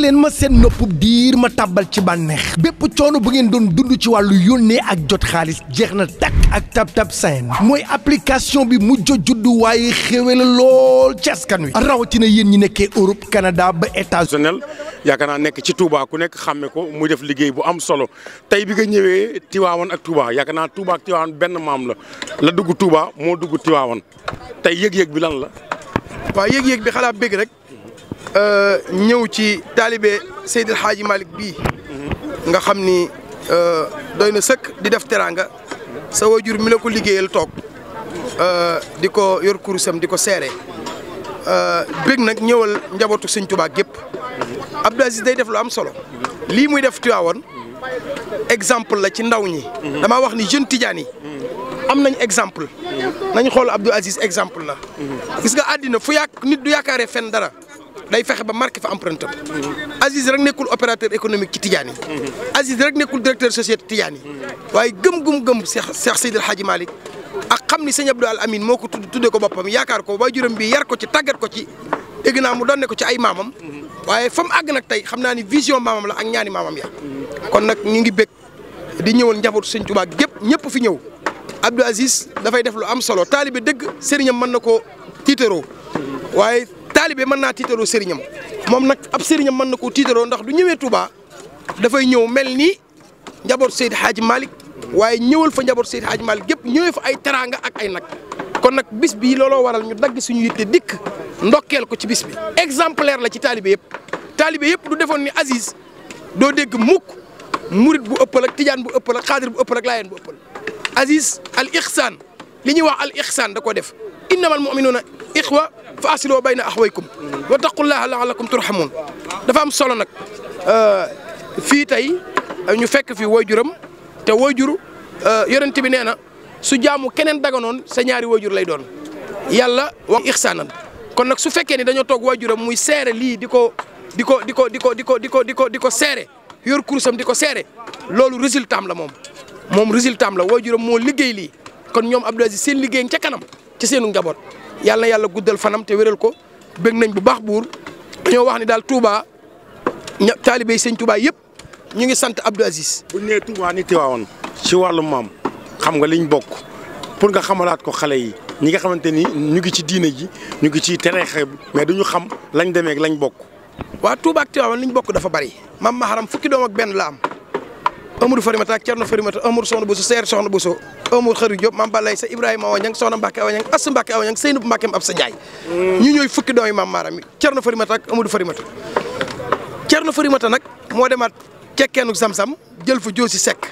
leen ma seen noppub diir ma tàbbal ci bànneex bépp coono bu ngeen doon dund ci wàllu yónnee ak jot xaalis jeex na takk ak tab tab seen mooy application bi mujj juddu waaye xéwe la lool ci askan wi rawatina yéen ñi nekkee Europe Canada ba États-Unis yaakaar naa nekk ci Touba ku nekk xàmme ko muy def liggéey bu am solo tey bi nga ñëwee Tiwaawan ak Touba yaakaar naa Touba ak Tiwaawan benn maam la la dugg Touba moo dugg Tiwaawan tey yëg-yëg bi lan la. waaw yëg xalaat bëgg rek. Euh, ñëw ci taalibe Seydil xaaji Malick bii nga xam ni euh, doy na sëkk di def teraanga sa wajur mi la ko liggéeyal toog euh, di ko yor kurusam di ko seere bëgg nag ñëwal njabootu Sëñ Tuubaa gépp Abdou Aziz day def lu am solo lii muy def Tiwaawoon exemple la ci ndaw ñi dama wax ni jeune Tidiane yi am nañ exemple nañ xool Abdou Aziz exemple la gis nga àddina fu yàq nit du yaakaaree fen dara day fexe ba marqué fa empreinte am. Aziz rek nekkul opérateur économique ci Tidjane yi. Aziz rek nekkul directeur société Tidjane yi. waaye gëm gum gëm Cheikh Cheikh Seydil Hadji Malick ak xam ni sëñ Abdou Al Amin moo ko tudd tuddee ko boppam yaakaar ko waajuram bi yar ko ci tàggat ko ci dégg naa mu doon ne ko ci ay maamam. waaye fa mu àgg nag tey xam naa ni vision maamam la ak ñaani maamam ya kon nag ñu ngi bëgg di ñëwal njabootu sëñ Tuubaa gépp ñëpp fi ñëw Abdou Aziz dafay def lu am solo taalibe dëgg sëriñam mën na koo tiitaroo taalibe mën naa tiitaroo sëriñam moom nag ab sëriñam mën na koo tiitaroo ndax du ñëwee Touba dafay ñëw mel ni njaboot Seydi Hadji Malick waaye ñëwal fa njaboot Seydi Hadji Malick gépp ñëwee fa ay teraanga ak ay nag kon nag bis bi looloo waral ñu dagg suñu yitte dikk ndokkeel ko ci bis bi exemplaire la ci taalibe yëpp taalibe yëpp du defoon ni Aziz doo dégg mukk murit bu ëppal ak tijaan bu ëppal ak xaadir bu ëppal ak laayeen bu ëppal Aziz al ixsaan li ñuy wax al ixsaan da ko def innamal mu'minuuna ixwa fa asiloo bayna axwaykum wa taqullaha laalakum turhamun dafa am solo nag euh, fii tey euh, ñu fekk fi waajuram te waajur euh, yonent bi nee na su jaamu keneen daganoon sa ñaari waajur lay doon yàlla wax ixsaanan kon nag su fekkee ni dañoo toog waajuram muy seere lii di ko di ko di ko di ko di ko di ko di ko di ko seere yor kursam di ko seere loolu résultat am la moom moom résultat am la waajuram moo liggéey lii kon ñoom Abdou Aziz seen liggéey ca kanam ci seenu njaboot yàlla na yàlla guddal fanam te wéral ko bëgg nañ bu baax buur dañoo wax ni daal Touba ña taalibe sëñ Touba yëpp ñu ngi sant Abdou Aziz. bu ñu nee Touba ni Tiwaawoon ci wàllu maam xam nga liñ bokk pour nga xamalaat ko xale yi ñi nga xamante ni ñu ngi ci diine ji ñu ngi ci tereexe mais duñu xam lañ demee lañ bokk. waa Touba ak Tiwaawoon liñ bokk dafa bari. maam Maharam fukki doom benn la am. Amadou Farimata ak Thierno Farimata Amadou Soxna Bousso Seer Soxna Bousso Amadou Xaru Diop Mame Balaye sa Ibrahima Awañang Soxna Mbacke Awañang Assa Mbacke Awañang Seynab Mbacke ab sa Ndiaye ñu ñooy fukki doom yi Mame Maram nag moo demaat cekkeenu sam-sam jël fa Joosi Seck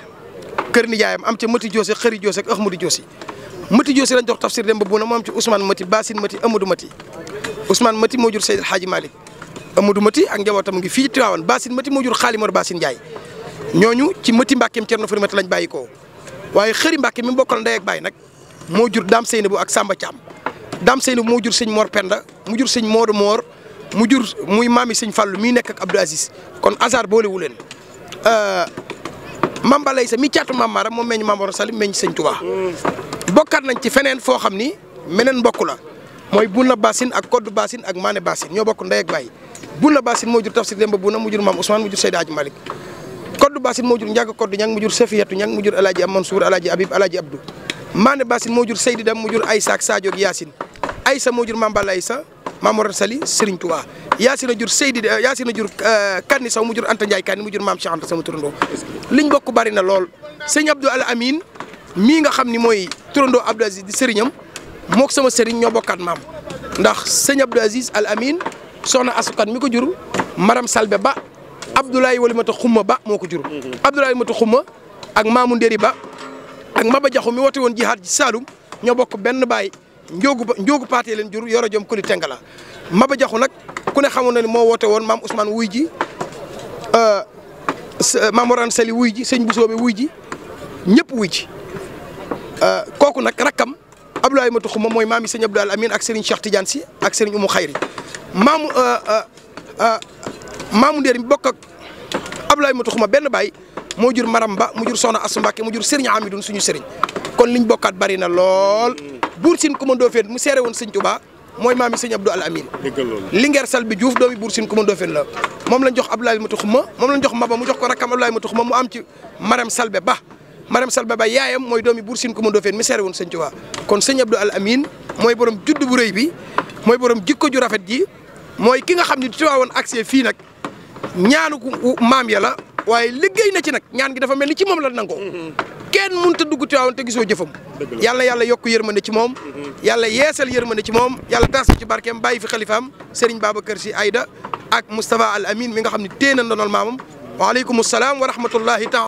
kër nijaayam am ca Mati Joosi Xëri Joosi ak Ahmadou Joosi Mati Joosi lañ jox tafsir dem ba bu na moo am ci Ousmane Mati Basine Mati Amadou Mati Ousmane Mati moo jur Seydil Hadji Malick Amadou Mati ak njabootam ngi fii Tiwaawan Basine Mati moo jur Xaalimor Basine Ndiaye ñooñu ci mëti Mbàkke mi Cerno Farimata lañ bàyyi ko waaye xëri Mbàkke mi bokkal ndey ak baay nag moo jur Dame Seynabou ak Samba Thiam Dame Seynabou moo jur sëñ Mor Penda mu jur sëñ Modou Mor mu jur muy maami sëñ Fallou mii nekk ak Aziz kon hasard boolewu leen euh, Mamba lay sa mi caatu Mame Maram moom meñ mam Mor Sali meñ sëñ Touba bokkaat nañ ci feneen foo xam ni meneen mbokk la mooy na Bassine ak Koddu Bassine ak Mané Bassine ñoo bokk ndey bay baay Bouna Bassine moo jur Tafsir Demba Bouna mu jur Mame Ousmane mu jur Seydi Hadji Malick Abdou Bassine moo jur Ndiaga Koddu Ñang mu jur Safiyatu Ñang mu jur alaaji am Mansour alaaji Habib alaaji Abdou Maane Bassine moo jur Seydi Dam jur Aysa ak Sadio Yaasin Aysa moo jur Mambal Aysa Mamour Sali Serigne Touba Yaasin a Yaasin a jur euh, euh, Kanni Saw mu jur Anta Ndiaye Kanni mu jur Maam Cheikh Anta sama turandoo liñ bokk bari lool sëñ Abdou Al Amin mii nga xam ni mooy turandoo Abdou Aziz di sëriñam mook sama sëriñ ñoo bokkaat maam ndax sëñ Abdou Aziz Al Amin soxna asukan mi ko jur Abdoulaye Walimata Xumma Ba moo ko jur Abdoulaye Walimata Xumma ak Maamu Nderi Ba ak Maba Jaxu mi woote woon jihaad ci Saalum ñoo bokk benn baay njóogu ba njóogu paatee leen jur yoro jom kuli tengala Maba Jaxu nag ku ne xamoon na ne moo woote woon maam Ousmane wuy ji euh, maam Morane Sali wuy ji sëñ Bousso bi wuy ji ñëpp wuy ji euh, kooku nag rakkam Abdoulaye Matu Xuma mooy maam yi sëñ Abdoulaye Amine ak Serigne Cheikh Tidiane si ak Serigne Umu Xayri maamu ndéer mi bokk ak Ablaye Matu Xuma benn baay moo jur Maram Ba mu jur Soxna Asu Mbàkke mu jur Sëriñ Amidun suñu sëriñ kon liñ bokkaat bari na lool mm. buur siin ku ma doofeen mu seere woon sëñ Tuubaa mooy maam yi sëñ Abdou Al Amin Linguère Sall bi Diouf doomi buur siin ku ma doofeen la moom lañ jox Ablaye Matu Xuma moom lañ jox Maba mu jox ko rakkam Ablaye Matu Xuma mu am ci Maram Salbe Ba Maram Salbe Ba yaayam mooy doomi buur siin ku ma doofeen mu seere woon sëñ Tuubaa kon sëñ Abdou Al Amin mooy borom judd bu rëy bi mooy borom jikko ju rafet ji mooy ki nga xam ne Tiwaawoon accès fii nag ñaanu maam ya la waaye liggéey na ci nag ñaan gi dafa mel ni ci moom la nangoo. kenn mënut a dugg Tiwaawan te gisoo jëfam. yàlla yàlla yokk yërmande ci moom. yàlla yeesal yërmande ci moom yàlla taas ci barkeem bàyyi fi xalifaam Serigne Babacar Sy Aïda ak Moustapha Al Amin mi nga xam ne téye na ndonal maamam. waaleykum salaam wa rahmatullahi taala